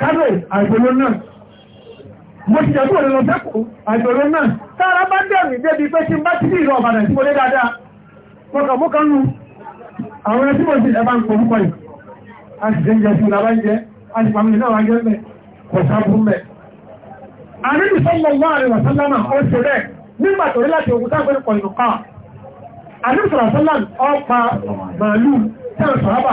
A: kálò àjò ló náà mo ti jẹ́ bí òun àjò ló náà tára bá dẹ̀rìn débi pé tí n bá ti rí ìrọ̀ ọ̀bàdàn tí mo lé dáadáa mo kàn mú kan àwọn ẹbí wọ́n ti ẹbá ń pọ̀ púpọ̀ yìí a ti jẹ́ ìjẹsùn lára ń jẹ́ a ti pàmì náà wáyé mẹ́ kò sáàbù mẹ́ àríbi sọ́lọ̀ láàrin wàsálámà ó ṣe rẹ̀ nígbà tó rí láti òkúta pẹ̀lú pọ̀ ìlú ká àríbi sọ̀rọ̀ sọ́lá ọpa màálù tẹ́lẹ̀ sọ̀rọ̀bà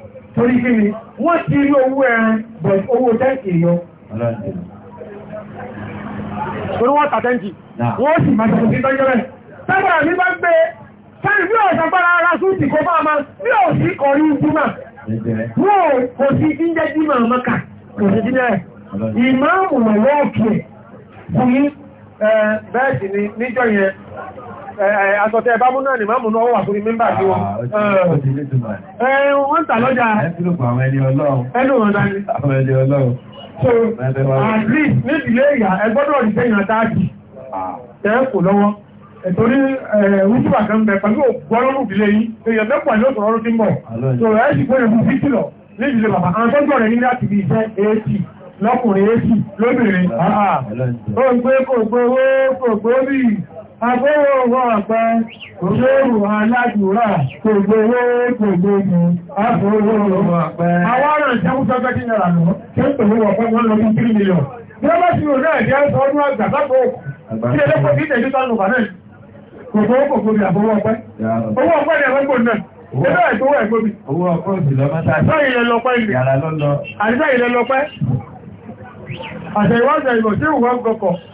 A: torí kí ni wọ́n ti rí owó ẹran bọ̀ owó tẹ́ǹkì yọ torí wọ́n tàtẹ́ǹkì wọ́n sì máa tẹ̀kù sí tọ́jọ́rẹ̀ tẹ́gbà ní bá gbé tẹ́rì bí ọ̀sán gbára ara sún ti kọ bá ma bí ò sí kọrí júmà wọ́n kò sí jíjẹ́ jímà mọ́kà kò sí jíjẹ́ ìmáàmù lọ́wọ́ kìí fún yí bẹ́ẹ̀ sì ni níjọ́ yẹn àtọ̀tẹ̀ ẹ̀bá múnà ní máàmù náà wà fún mẹ́mbà tí wọ́n ah, wọ́n tà lọ́jà ẹnu ọ̀dání so at least ìyà ah. lọ́wọ́ ẹ̀tọ́rí kan bẹ̀ pẹ̀lú ìdílé yìí Agbẹ́rẹ́ ọwọ́ ọ̀pẹ́, olóòrù alájùúrà, tògbèrè tògbèrè, àbúrò ọwọ́ ọ̀pẹ́. Àwọn ọ̀rọ̀ ìṣẹ́kútọ́ bẹ́ kí nìyàrá lọ, tí ó pẹ̀lú ọ̀pẹ́ wọ́n lọ bí 3 million. Bí ó bá sí òun náà jẹ́ sọ ọdún àgbà lápò òkú, kí ẹlẹ́pọ̀ sí ìtẹ̀jú tánù bà náà. Kò tó ó kò kò bí àbúrò ọ̀pẹ́. Owó ọ̀pẹ́ ni ẹ̀rọ gbòòrùn náà. Ẹgbẹ́ ẹ̀tọ́wọ́ ẹ̀gbọ́ mi. Owó ọ̀pẹ́ òsìlọ mọ́ta. Àìsá ìlẹ́lọpẹ́ ìlú. Àìsá ìlẹ́lọpẹ́. Àṣẹ ìwádìí ẹ̀gbọ̀ tí ìwọ́n gọkọ̀.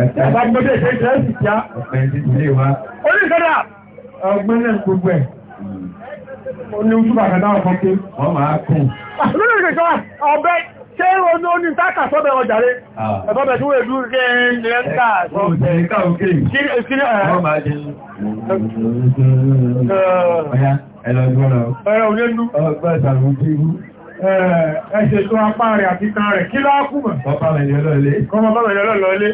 A: Àgbàgbọ́dé ṣe ṣe ṣe ṣá. Ọ̀pẹ̀ ti ilé wa. Oníṣẹ́dà. Ọgbọ́n náà gbogbo ẹ̀. Ó ní oṣù bàtà dáhùn kan pé. Wọ́n máa kùn. Lórí ìṣèjọba, ọ̀bẹ ṣé ronú ní táàkà sọ́bẹ̀ ọjà rẹ̀? Ẹ̀fọ́bẹ̀ tí wọ́n èdú ṣe ń lẹ́ ń kà. Ó ṣe ń ká òkè. Kí ni ẹ̀? Wọ́n máa jẹun. Ọ̀yá, ẹ lọ gbọ́dọ̀. Ọ̀yá, òye ń dú. Ọgbọ́n ìtàrùn ẹ̀ṣẹ̀ tó apá rẹ̀ àti kan rẹ̀ kí lọ́kùnmọ̀. Bọ́bá rẹ̀ yọ lọ́lé. Kọ́mọ bọ́bá yọ lọ́lé.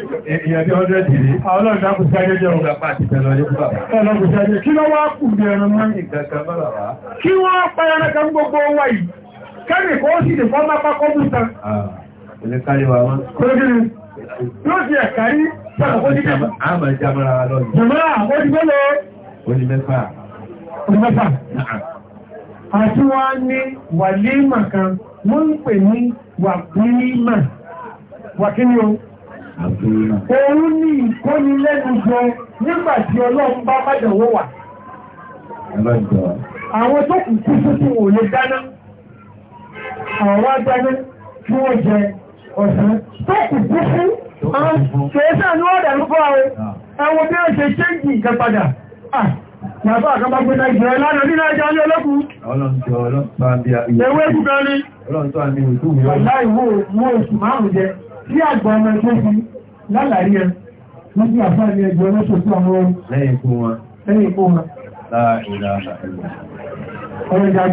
A: Ìyẹ̀bí ọjọ́ ìdílé. Àwọn ọlọ́dún dákùsí ayé jẹ́ ọgbà pàtí tẹ̀lọ ní bàbá. Ẹlọ́kùsí ayé kí lọ́wọ́ kù bí ẹran mọ́. Kí wọ́n pa ẹran kan gbogbo wa yìí. Kẹ́mì kó sì lè fọ́n mápá kọ́ bùta. Ilé kárí wa mọ́. Kọ́lọ́gìrì. Yóò ti ẹ̀kárí sọ̀rọ̀ kó dídé.
B: Àmọ̀ ìjàmọ́ra lọ́yìn. Jùmọ́ra, ó ti gbé lọ. Ó ní mẹ́fà.
A: Ó ní mẹ́fà. àti wọ́n ní wàlímà kan wọ́n ń pè o òun ni ìkónilẹ́nu jẹ nígbàtí ọlọ́run bá bájọ̀wọ́ wà àwọn tó kù kú tó wò lè dáná àwọn kí wọ́n jẹ ọ̀sán tó kù kú ní Bàbá àkọ́bá gbé láìjẹ́ lánà ní láìjẹ́ alẹ́ ọlọ́kùn. Ọlọ́njọ́ ọlọ́pàá bí i. Ewé ìgbùgbọ́ ni. Ọlọ́njọ́ àmì òkú mi. Ọlá ìwò oṣù márùn-ún jẹ, tí àgbà ọmọ ẹgbẹ́ fi lálàrí ẹ, wọ́n tí àfáà ní ẹgbẹ́ ọlọ́ṣọ́ fún àwọn ohun. Lẹ́yìn ikú wọn. Lẹ́yìn ikú wọn. Láàrín àṣà ẹ̀lú. Ọlọ́jà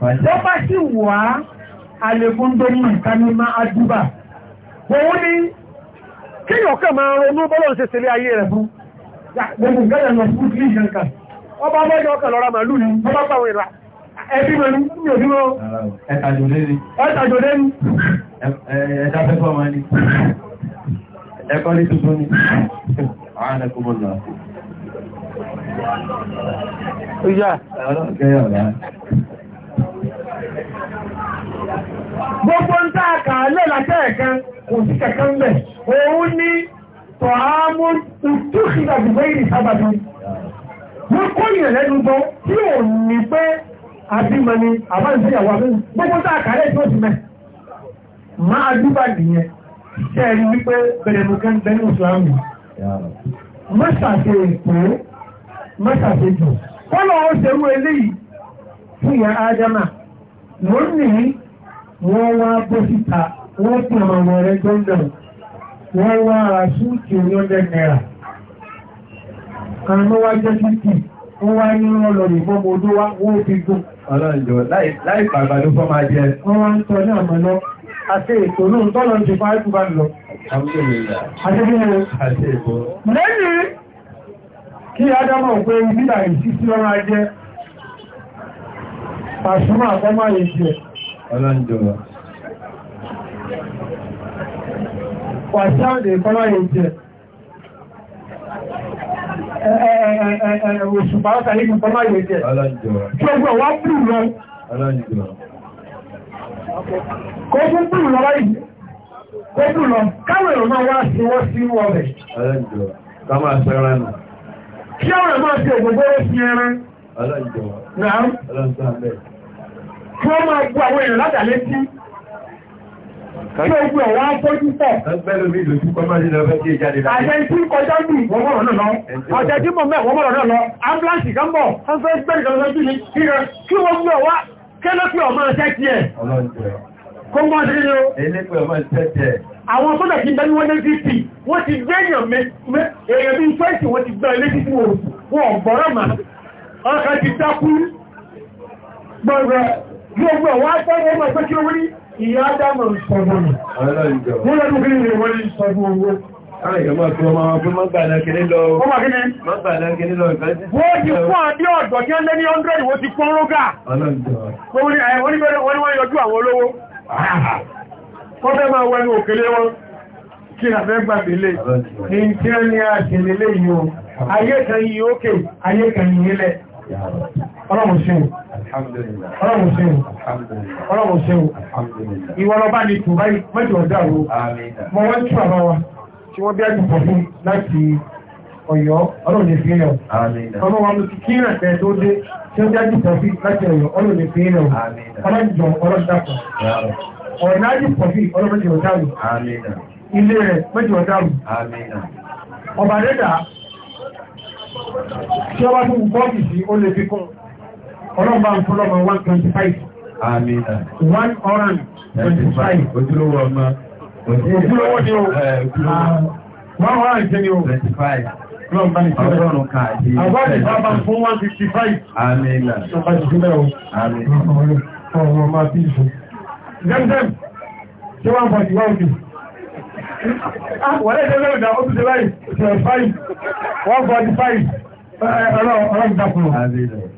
A: tó bá sì wà á àlèkúndómù ìkànnì máa adúbà òun ni kíyàn kẹ́ máa ronú bọ́lọ̀ ṣe sílé ayé rẹ̀ fún gbogbo gẹ́gẹ́ lọ fún kí ìṣẹ́ǹkà ọba mẹ́jọ ọkà lọ́ra màálù ní ọba pàwọn ìrà
B: ẹbí mẹ́rin ní òbí mọ́
A: ẹ̀tàjòdé ni ní ẹ̀kọ́ ní tuntun gbogbo ń tàà kàálẹ̀ látẹ́ ẹ̀kan kò sí kẹ̀kẹ́ ń bẹ̀ òun ní tọ̀hámú ìtúkìlà gbogbo ìrì sábàbí wọ́n kó ìyẹn lẹ́nu gbọ́ tí ò ní pé abímọ ni àbáǹsíyàwó abímọ gbogbo ń tàà kàálẹ̀ tí ó ti mẹ́ máa dúbà nìyẹn ṣe rí wípé bẹ̀rẹ̀mù kẹ́ńtẹ́ ní ìsìlámù mọ́sàṣe èkó mọ́sàṣe jù kọ́lọ̀ ó ṣerú eléyìí fún ìyá ádámà lónìí wọ́n wá bó síta wọ́n tàn ọmọ rẹ̀ gọ́ndọ̀ wọ́n wá ara súùtì olóòdẹ náírà àwọn wá jẹ́ títì wọ́n wá ní ọlọ́rì mọ́mọ́ odó wá wọ́n fi gùn ọlọ́njọ́ láì bàbá ló fọ́ máa jẹ́ wọ́n wá ń tọ́ ní àmọ́ náà àti ètò náà tọ́lọ ti fa ẹ̀kù bá lọ lẹ́yìn kí adámọ̀ pé ìbílà ìsísí ọrọ̀ ajẹ́ pàṣúmọ̀ àkọ́mọ̀ ìjẹ́ ọlọ́njọba. Wàṣáàdì kọ́lá ìjẹ. Òṣùpá ọ́tàrí kù kọ́lá ìjẹ. Ọlọ́njọba. Ṣọ́gbọ̀ wá bù lọ. Ọlọ́njọba. Kó fún bù lọ láìsí. Kó bù lọ. Káwẹ̀ ọ̀nà wá sí wọ́n sí wọ́n rẹ̀. Ọlọ́njọba. Ká máa ṣẹ́ra nù. Kí ọ̀rọ̀ máa ṣe ògbógbó ó fi ẹran. Ọlọ́njọba. Náà. Ọlọ́njọba kí wọ́n máa gbọ́ àwọn èèyàn ládàá létí kí ogun ẹ̀wà tójú pọ̀. ẹgbẹ́lómi lójú kọ́ máa nílọ fẹ́ tí ìjáde láti. àjẹ́ tí kọjá bí wọ́n mọ̀rọ̀ náà lọ ọjẹ́ tí mọ̀ mẹ́ wọ́n mọ̀rọ̀ náà lọ ambulance kan bọ̀ wọ́n fẹ́ gbẹ́rẹ̀ kan lọ́jọ́ ní kíkẹ́ kí wọ́n gbé ọwá kẹ́lẹ́pẹ́ ọmọ ẹ̀ṣẹ́ tiẹ̀. kó mọ́ sí ni o. ẹlẹ́pẹ́ ọmọ ẹ̀ṣẹ́ tiẹ̀. àwọn sọ́jà ti bẹ́ ní wọ́n ní dp wọ́n ti gbé èèyàn èèyàn bíi twenty wọ́n ti gbẹ́ ilé títí wọn ò gbọ́rọ̀ mà ọkàn ti dákú gbọ́rọ̀ gbogbo àwọn akẹ́rẹ́ ọmọ ẹgbẹ́ kí ó rí ìyá dámọ̀ ìsọ̀bọ̀nù wọ́n lọ́dún kí ní wọ́n ní ìsọ̀bọ̀ owó Àwọn ìjọba tí wọ́n máa fún mọ́gbà náà kìí lọ mọ́gbà náà kìí lọ ìfẹ́ sí. Wọ́n ti fún àdí ọ̀dọ̀ tí ó lé ní 100 wọ́n ti fún rógà. Wọ́n ní wọ́n yọjú àwọn olówó. Ah. Wọ́n fẹ́ máa wẹnu òkèlé wọn kí nà fẹ́ gbàgbélé. Ní tí ó ní àṣèlélé yìí o, ayé kan yìí ókè, ayé kan yìí lẹ̀. Ọlọ́run ṣe. Alhamdulillah. Ọlọ́run ṣeun. Alhamdulillah. Ọlọ́run ṣeun. Alhamdulillah. Ìwọ lọ bá ní tù báyìí mẹ́jọ ọ̀dá ro. Àmín. Mo wọ́n tún àbá wa tí wọ́n bí àjù pọ̀ fún láti Ọ̀yọ́ ọlọ́run ìfẹ́ yẹn. Àmín. Ọlọ́run wa ló ti kí ìrìn àtẹ tó dé tí wọ́n bí àjù pọ̀ fún láti Ọ̀yọ́ ọlọ́run ìfẹ́ yẹn. Àmín. Ọlọ́jọ ọlọ́run dàpọ̀. Ọ̀nà àjù pọ̀ fún ọlọ́run bá ń fún lọ́mọ one twenty five. amina. one orange twenty five. ojúlówó ọmọ. ojúlówó ni ah, one orange twenty five. Ọlọ́run bá ní sọ́dọ̀. Ọlọ́run ká àti one fifty five. Amina. Ṣọba ìṣúlẹ̀ o. Amina. five, one forty five. Ọlọ́run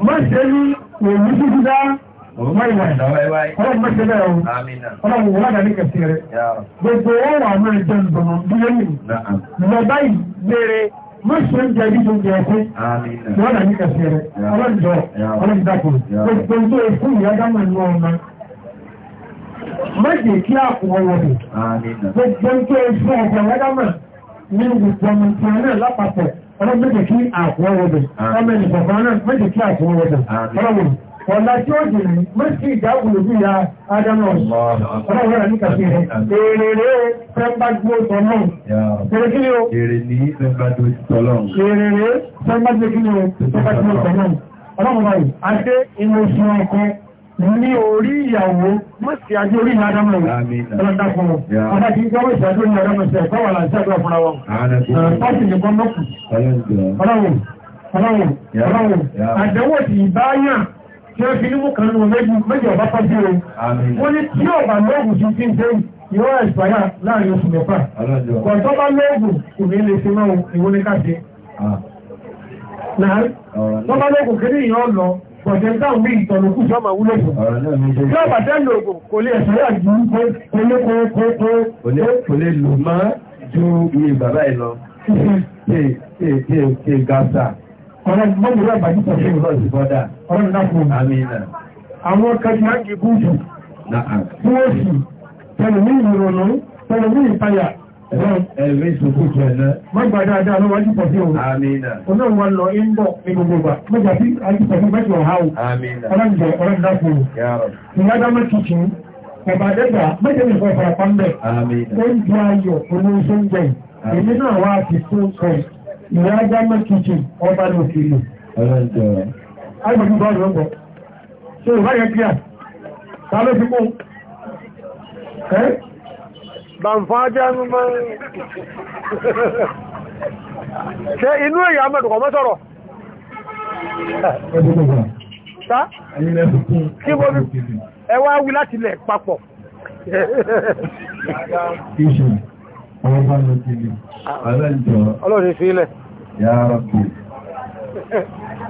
A: má ṣe ní òwú títí dá ọmọ ìwà ọlọ́run má ṣe bẹ́ẹ̀
B: o ọlọ́run wọ́n
A: dà ní kẹsì rẹ̀ gbogbo wọn wà mọ́ ẹjọ́ ìdùnnú bí lẹ́yìn lọ báyìí léèrè má ṣe ń jẹ ìdíjọ jẹ ẹkú wọ́n dà ní kẹsì rẹ̀ ọlọ́run jọ ọlọ́run dàpọ̀ gbogbo tó ikú ìyá dámọ̀ ní ọmọ má jẹ́ kí àpò ọwọ́ rẹ̀ gbogbo tó ikú ọ̀pọ̀ ìyá dámọ̀ ní gbogbo ọmọ ìtàn náà lápapọ̀ ọlọ́gbẹ́jẹ̀ kí àfọwọ́wọ́dẹ̀ ah. ọmọ ìfọ̀fọ́ náà mẹ́jẹ̀ kí àfọwọ́wọ́dẹ̀ ah. ọlọ́wọ́ ọ̀la tí ó jìnà mẹ́sí ìdáhùn òbí ya ádámọ̀ ọlọ́wọ́ra ní kàfí rẹ̀ èrèrè fẹ́mbàgbó tọ́lọ́n èrè kí ni ó èrè ní fẹ́mbàgbó tọ́lọ́n èrèrè fẹ́mbàgbó tọ́lọ́n ọlọ́wọ́ ní orí ìyàwó mọ́sí ajé orí ní adámọ̀ ọlọ́dàkùn ọba kí gbọ́wọ́ ìṣàjò ní adámọ̀ sí ẹ̀kọ́ wà láti àjọ fúnra wọn pọ́sì ní gbọ́mọ́kù ọlọ́wọ̀ ọlọ́wọ̀ àdẹ́wò tí ìbáyàn tí ó fi ní mùkan nù méjì ọba pọ́sí rẹ̀ wọ́n ní tí ọba lọ́gùn sí fi ń dé ìwọ́ ẹ̀sùpáyà láàrin oṣù mẹ́fà kọ̀ọ̀tọ́ bá lọ́gùn kò ní lè ṣe náà ìwọ́n ní káṣe ah. Náà, tọ́bá lókùn kí ní ìyàn lọ, bọ̀dẹ̀ táwọn bí ìtọ̀nù kú sọ́mà wúlò fún. Yóò bà tẹ́ lò ògùn kò lè ṣẹlẹ̀ jù ú pé pélé kókókó. Kò lè lò má ju iye bàbá ẹ̀ lọ. Ṣé gàṣà? Ọ̀rẹ́ mọ́mí rẹ̀ bàjú pọ̀ sí ìrọ̀sì bọ́dà. Ọ̀rẹ́ náà fún mi. Àwọn kẹjì á ń gé búùtù. Fún òsì, tẹ̀lé ní ìrònú, tẹ̀lé ní ìpayà, Ẹ̀rí ìṣòkú jẹ náà. Mọ́gbà dáadáa ló wájú pọ̀ sí òun. Àmìnà. Olóòrùn wa lọ ń bọ̀ ní gbogbo ìgbà. Mọ́gbà sí àjíṣẹ́ fún mẹ́jọ ọ̀há o. Àmìnà. Ọlọ́njẹ ọlọ́dá fún o. Yàrá. Ìyájá mẹ́kìkì ẹ̀bà dẹ́gbà mẹ́jẹ̀ nìkan ìfarapa ń bẹ̀. Àmìnà. Oúnjẹ ayọ̀ olóṣó ń jẹ. Èmi náà wá ti fún sọ ìyájá mẹ́kìkì ọba lókèlè. Ọlọ́njẹ. Àgbẹ̀bí bọ́ọ̀lù ń bọ̀. Ṣé ìwádìí ẹ ban fajan man ṣe inú èyà mẹ́dùkọ̀ mọ́sọ̀rọ̀ kí mo ẹwà wí láti lẹ̀ papọ̀ ọlọ́rin fi ilẹ̀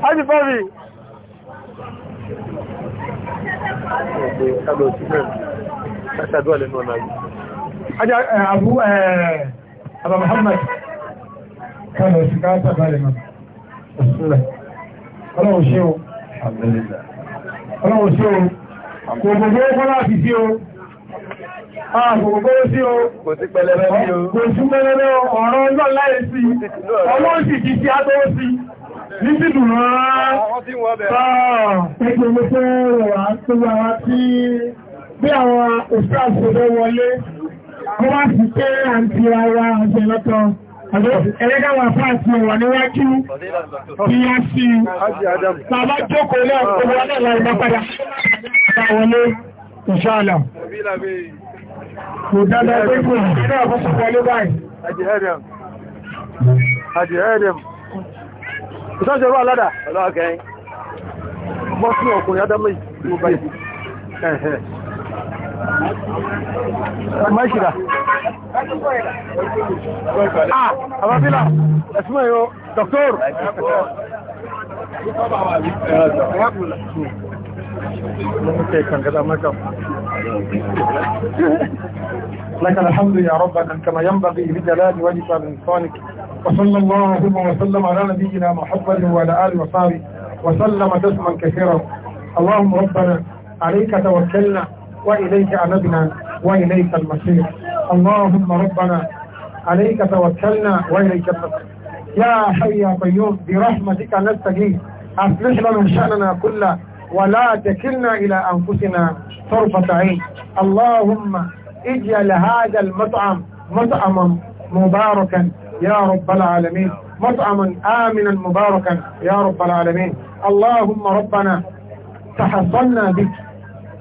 A: Aji Fọ́bi. lẹ́nu ọ̀nà yìí. ajá àbú àbá Muhammad kánà sí ká sàbálẹ̀ mọ́ òṣìlẹ̀ o ọlọ́run o kò gbogbo sí o àgbogbo sí o o kò sí ọ̀rọ̀ ọjọ́ sí ti sí ní sí dùn rán mo wá sí pé ara ọ̀sẹ̀ lọ́tọ̀ ẹ̀lẹ́gbàwà fáàtì wà níwájú bí a sí bàbá jókòó náà gbogbo wọn náà lọ́rọ̀ ìṣàlá kò dáadáa pé kò náà fún ماشرة اه ربيلا اسمه إيه دكتور لك الحمد يا رب كما ينبغي لجلال وجهك صانك وصلى اللهم وسلم على نبينا محمد وعلى اله وصحبه وسلم تسليما كثيرا اللهم ربنا عليك توكلنا وإليك أمدنا وإليك المصير اللهم ربنا عليك توكلنا وإليك المصير يا حي يا قيوم برحمتك نستجيب أصلح لنا شأننا كله ولا تكلنا إلى أنفسنا طرفة عين اللهم اجعل هذا المطعم مطعما مباركا يا رب العالمين مطعما آمنا مباركا يا رب العالمين اللهم ربنا تحصلنا بك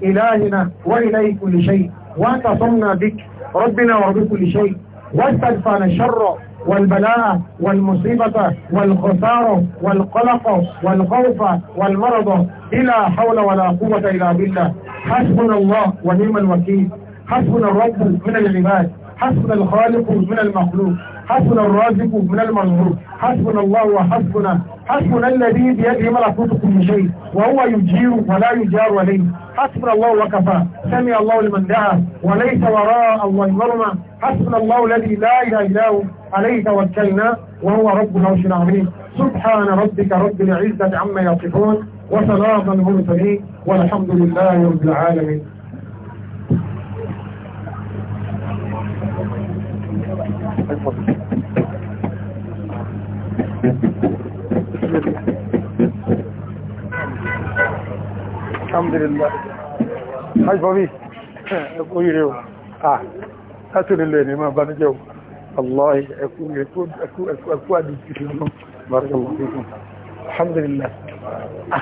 A: إلهنا وإليه كل شيء واعتصمنا بك ربنا وبكل شيء واستدفعنا الشر والبلاء والمصيبة والخسارة والقلق والخوف والمرض إلى حول ولا قوة إلى بالله حسبنا الله ونعم الوكيل حسبنا الرب من العباد حسبنا الخالق من المخلوق حسبنا الرازق من المنظور حسبنا الله وحسبنا حسبنا الذي بيده ملكوت كل شيء وهو يجير ولا يجار عليه حسبنا الله وكفى سمع الله لمن دعا وليس وراء الله مرمى حسبنا الله الذي لا اله الا هو عليه توكلنا وهو رب العرش العظيم سبحان ربك رب العزه عما يصفون وسلام المرسلين والحمد لله رب العالمين Thank you. الحمد لله حاج بابي اقول له اه هاتوا لله ما بان جو والله اكون اكون اكو اكو اكو بارك الله فيكم الحمد لله اه,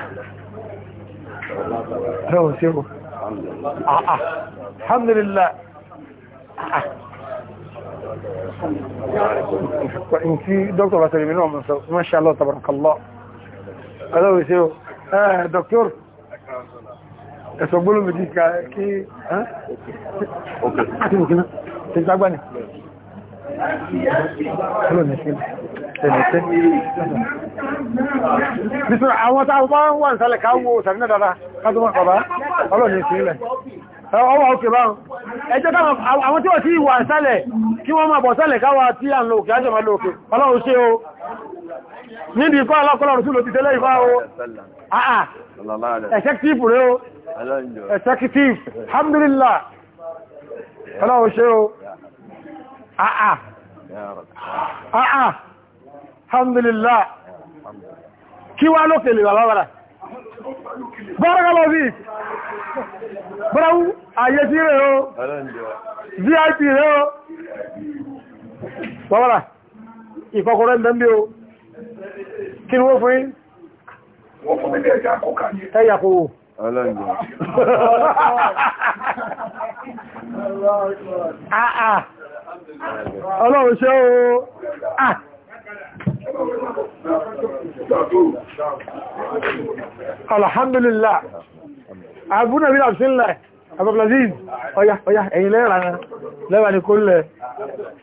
A: آه،, آه. الحمد
B: لله الحمد لله
A: آه. in tí dr basalimi náà mọ̀ sọ masha Allah tabarakallah aláwọ̀ ìṣẹ́ o dr ẹ̀sọ̀ gbóló méjì ká kí àti bùkínà tí ságbà ní Bísọ̀ àwọn tàbí bá ń wà ń sálẹ̀ káwò sàrínà dára kátó máa kọ̀bá ọlọ́ni ìsinlẹ̀. Ọwọ́ òkè báhùn. Ẹjẹ́ táwọn àwọn tí ó ti wà ń sálẹ̀ kí wọ́n máa bọ̀ sẹ́lẹ̀ káwà tí à ń lo òkè ajọ́mà lo òkè ọlọ́run ṣe o níbi ikọ́ alákọ́lọ́run sí lo ti tẹ́lẹ̀ ìfá o àà executive rẹ o executive alhamdulillah ọlọ́run ṣe o àà àà alhamdulillah kí wá lókè lè bàbára
B: bọ́rọ̀gọ́lọ́bí bọ́rọ̀ ayé rẹ̀ o vip rẹ̀ o
A: wọ́wọ́lá ìfọkọrọ ń dẹ́mbí o kí ni wọ́n fún yí wọ́n fún mi ẹja kọ́kà ní ẹja kò ọlọ́njẹ́
B: ah, ah. ọlọ́run
A: ṣe o ah alhamdulillah abúnàbí àbúsílẹ̀ abúlazíz ọya ọya ẹ̀yìn lẹ́ràn lẹ́wà ní kó lẹ̀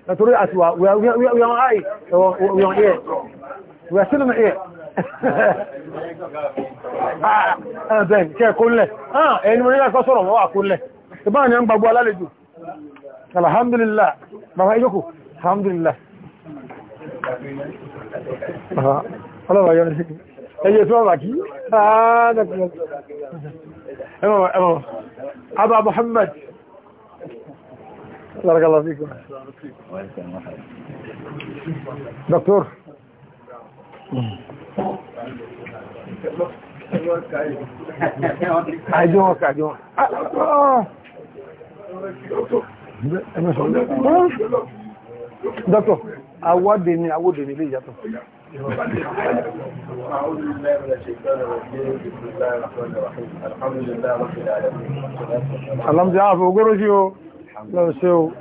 A: nítorí àtiwà we are we are high we are here we are still in here ẹ̀bẹ̀ kẹ́ kó lẹ̀ ah, ẹni mo nílẹ̀ kọ́sọ̀rọ̀ wọ́n wà kó lẹ̀ ìbá ni a ń gbogbo alálejò alhamdulillah bàbá ìjókò alhamdulillah ọlọ́wà yọ́ ẹyẹ tí wọ́n bà kí أبا محمد
B: بارك الله فيكم دكتور
A: عايزوك دكتور ليه يا دكتور أعوذ
B: بالله من الشيطان الرجيم بسم الله الرحمن الرحيم الحمد لله رب العالمين اللهم
A: جعفو قرشيو لو سيو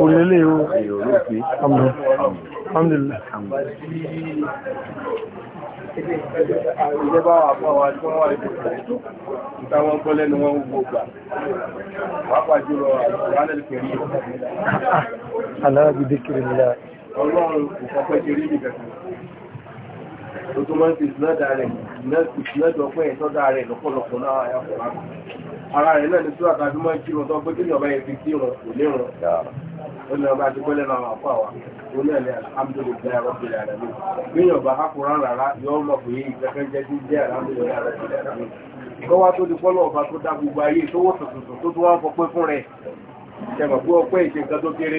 A: Olele o. Alhamdulillah.
B: ilé bá wà fún àwọn tí wọ́n wà lókè níta wọn gbọ́ lẹ́nu wọn gbogbo gbà
A: pàápàá jùlọ àwọn ẹlẹ́kẹ̀rí aláàbídé ti rí nìkan tó tó ọpẹ́ ìtọ́dà rẹ̀ lọ́pọ̀lọpọ̀ náà ayàpọ̀ ara rẹ̀ náà ni tó àtàbí máa ń kírun tó pé kí ọba kò ó ní ọba ti àpá wa náà ni alhamdulilayi rabbil alamin gbìyànjú bá hákùrá rárá yóò mọ̀ pé ìfẹ́fẹ́ jẹ́ tí jẹ́ alhamdulilayi rabbil alamin kọ́wá tó di pọ́lọ̀ ọba tó dá gbogbo ayé tó wọ́n tuntun tó tó wá fọpẹ́ fún rẹ̀ ṣẹ̀mọ̀ pé ọpẹ́ ìṣe tó kéré